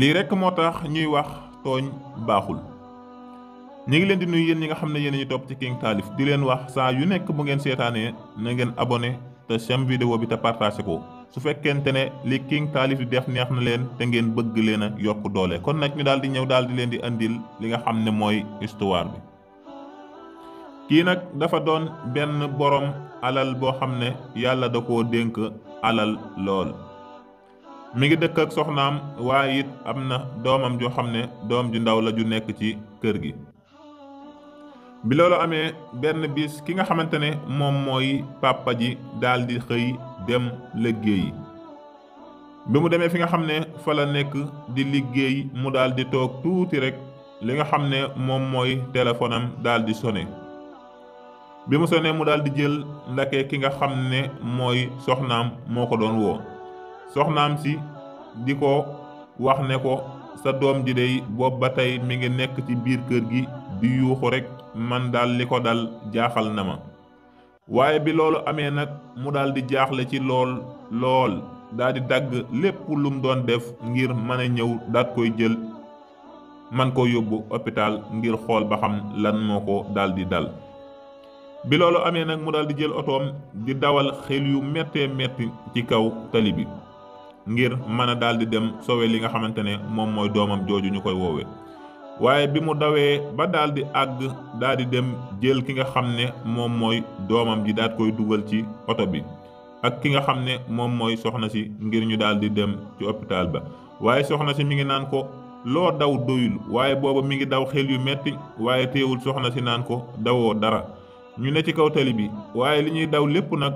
lii rek moo tax ñuy wax tooñ baaxul ñu ngi leen di nuy yéen ñi nga xam ne yéen ñu topp ci King Taalif di leen wax saa yu nekk bu ngeen seetaanee na ngeen abone te sem vidéo bi te partagé ko su fekkente ne li King Taalif di def neex na leen te ngeen bëgg leen a yokk doole kon nag ñu daal di ñëw daal di leen di indil li nga xam ne mooy histoire bi. kii nag dafa doon benn borom alal boo xam ne yàlla da koo dénk alal lool. mi ngi dëkk ak soxnaam waaye it am na doomam joo xam ne doom ju ndaw la ju nekk ci kër gi bi loolu amee benn bis ki nga xamante ne moom mooy pàppa ji daldi xëy dem liggéeyi bi mu demee fi nga xam ne fa la nekk di liggéey mu daldi toog tuuti rek li nga xam ne moom mooy téléphone am daldi sone bi mu sonee mu daldi jël ndake ki nga xam ne mooy soxnaam moo ko doon woo soxnaam si di ko wax ne ko sa doom ji dey boobu ba tey mi ngi nekk ci biir kër gi di yuuxu rekk man daal li ko dal jaaxal na ma waaye bi loolu amee nag mu daldi di jaaxle ci lool lool daal dagg lépp lu doon def ngir mën a ñëw daat koy jël man ko yóbbu hôpital ngir xool ba xam lan moo ko daldi dal bi loolu amee nag mu daldi jël otoom di dawal xel yu méttee métti ci kaw tali bi ngir mën a daal di dem sowe li nga xamante ne moom mooy doomam jooju ñu koy woowee waaye bi mu dawee ba daal di àgg daal di dem jël ki nga xam ne moom mooy doomam ji daal koy dugal ci oto bi ak ki nga xam ne moom mooy soxna si ngir ñu daal di dem ci hôpital ba waaye soxna si mi ngi naan ko loo daw doyul waaye booba mi ngi daw xel yu metti waaye teewul soxna si naan ko dawoo dara ñu ne ci kaw tali bi waaye li ñuy daw lépp nag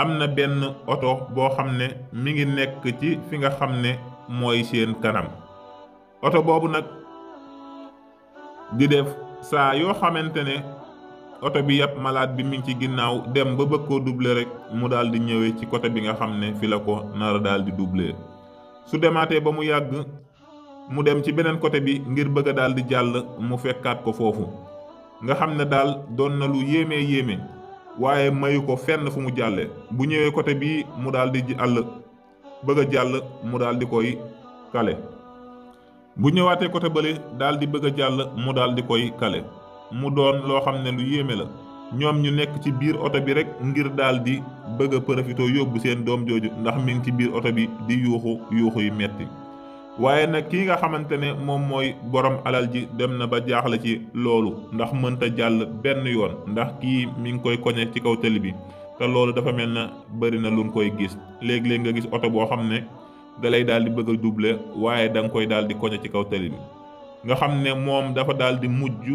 am na benn oto boo xam ne mu ngi nekk ci fi nga xam ne mooy seen kanam oto boobu nag di def saa yoo xamante ne oto bi yàpp malaat bi mi ci ginnaaw dem ba bëgg koo doubler rek mu daal di ñëwee ci côté bi nga xam ne fi la ko nara daal di doubler su demaatee ba mu yàgg mu dem ci beneen côté bi ngir bëgg a daal di jàll mu fekkaat ko foofu nga xam ne daal doon na lu yéeme yéeme. waaye mayu ko fenn fu mu jàllee bu ñëwee côté bii mu daal di àll bëgg a jàll mu daal di koy kale bu ñëwaatee côté bale daal di bëgg a jàll mu daal di koy kale mu doon loo xam ne lu yéeme la ñoom ñu nekk ci biir oto bi rek ngir daal di bëgg a profité yóbbu seen doom jooju ndax mi ngi ci biir oto bi di yuuxu yuuxu yu metti waaye nag kii nga xamante ne moom mooy borom alal ji dem na ba jaaxle ci loolu ndax mënta jàll benn yoon ndax kii mi ngi koy koñe ci kaw tali bi te loolu dafa mel na bari na lu koy gis léeg-léeg nga gis oto boo xam ne dalay lay daal di bëgg a doubler waaye da koy daal di koñe ci kaw tali bi nga xam ne moom dafa daal di mujj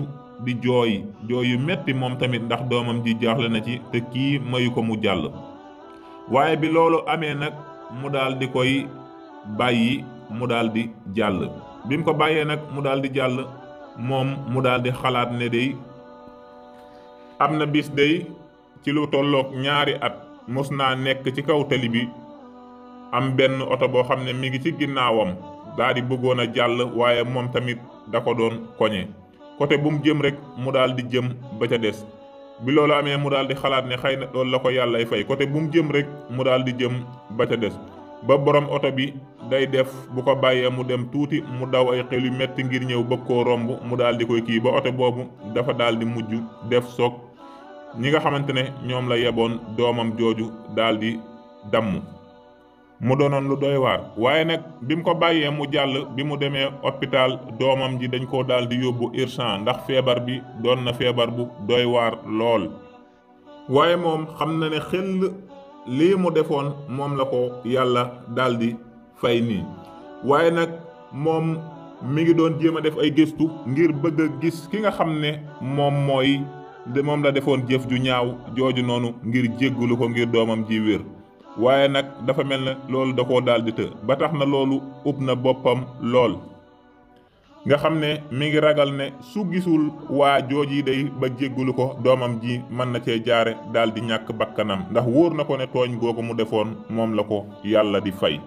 di jooy jooy yu metti moom tamit ndax doomam ji jaaxle na ci te kii mayu ko mu jàll waaye bi loolu amee nag mu daal di koy bàyyi mu daal di jàll bi mu ko bàyyee nag mu daal di jàll moom mu daal di xalaat ne day am na bis day ci lu tollook ñaari at mos naa nekk ci kaw tali bi am benn oto boo xam ne mi ngi ci ginnaawam daa di bëggoon a jàll waaye moom tamit da ko doon koñe côté bu mu jëm rek mu daal di jëm ba ca des bi loolu amee mu daal di xalaat ne xëy na loolu la ko yàllay fay côté bu mu jëm rek mu daal di jëm ba ca des ba borom oto bi day def bu ko bàyyee mu dem tuuti mu daw ay xel yu metti ngir ñëw bëgg koo romb mu daal di koy kii ba oto boobu dafa daal di mujj def soog ñi nga xamante ne ñoom la yeboon doomam jooju daal di damm mu doonoon lu doy waar waaye nag bi mu ko bàyyee mu jàll bi mu demee hôpital doomam ji dañ ko daal di yóbbu urgence ndax feebar bi doon na feebar bu doy waar lool waaye moom xam na ne xel lii mu defoon moom la ko yàlla daldi fay nii waaye nag moom mi ngi doon jéem a def ay gëstu ngir bëgg a gis ki nga xam ne moom mooy de moom la defoon jëf ju ñaaw jooju noonu ngir jéggalu ko ngir doomam ji wér waaye nag dafa mel na loolu da koo daal di të ba tax na loolu ub na boppam lool nga xam ne mi ngi ragal ne su gisul waa jooj yi day ba jéggalu ko doomam ji mën na cee jaare daal di ñàkk bakkanam ndax wóor na ko ne tooñ googu mu defoon moom la ko yàlla di fay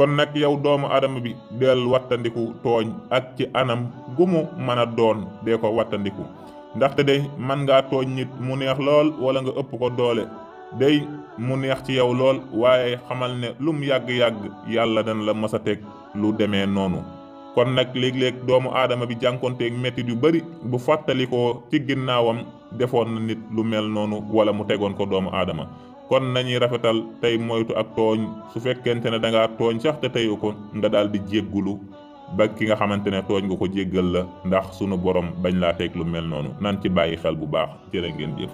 kon nag yow doomu aadama bi del wattandiku tooñ ak ci anam gu mu mën a doon dee ko wattandiku ndaxte day mën ngaa tooñ nit mu neex lool wala nga ëpp ko doole day mu neex ci yow lool waaye xamal ne lum yàgg-yàgg yàlla dana la mës a teg lu demee noonu kon nag léeg-léeg doomu aadama bi jànkonteeg mettit yu bari bu fàttalikoo ci ginnaawam defoon na nit lu mel noonu wala mu tegoon ko doomu aadama kon nañuy rafetal tey moytu ak tooñ su fekkente ne danga ngaa tooñ sax te teyu ko nga daal di jéggulu ba ki nga xamante ne tooñ nga ko jéggal la ndax sunu borom bañ laa teg lu mel noonu nan ci bàyyi xel bu baax jërë ngeen jëf